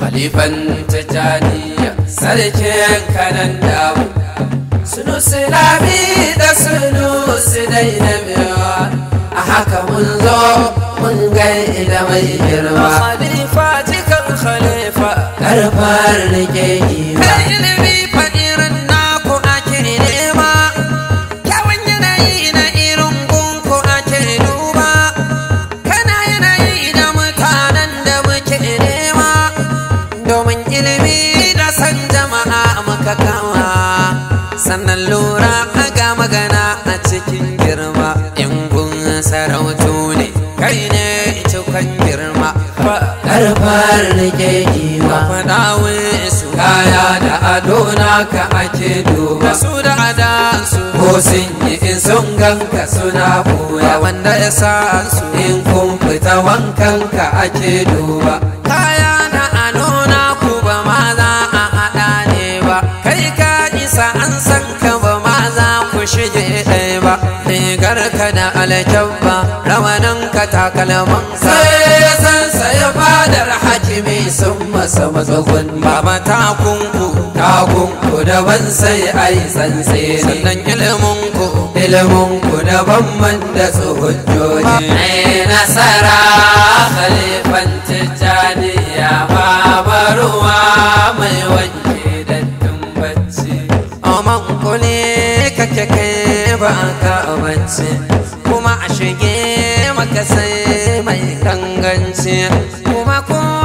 Halifan Tijjaniya sarkin kanan dawo Sunu silami da sunu sinai na mewa A haka mun zo mun ga da mai girma Khalifa cikin khalifa Karfar rike kima Kai ilimi fadirin naku ake nema Kyawun yanayi na irin gunku ake duba Kana yanayi da mutanen da muke nema domin ilimi da san jama'a maka kama sannan lura ga magana a cikin girma in gun sarautu ne kai ne cikin girma karfar nake kiwa faɗa su kaya da ado ka ake duba su da ada su ko sun yi in sun ganka suna boya wanda ya sa su in kun fita wankan ka ake duba sa an san ka ba ma za ku shige ɗaya ba rigar ka da alkyabba rawanin ka takalman sai ya san saya fadar hakimi sun masa matsagun ba takunku takunku daban sai ai sai sannan ilimin ku ilimin ku daban man da tsohon joji nasara man kule kake kai ba ka kuma a shige maka sai mai kanganci kuma kuma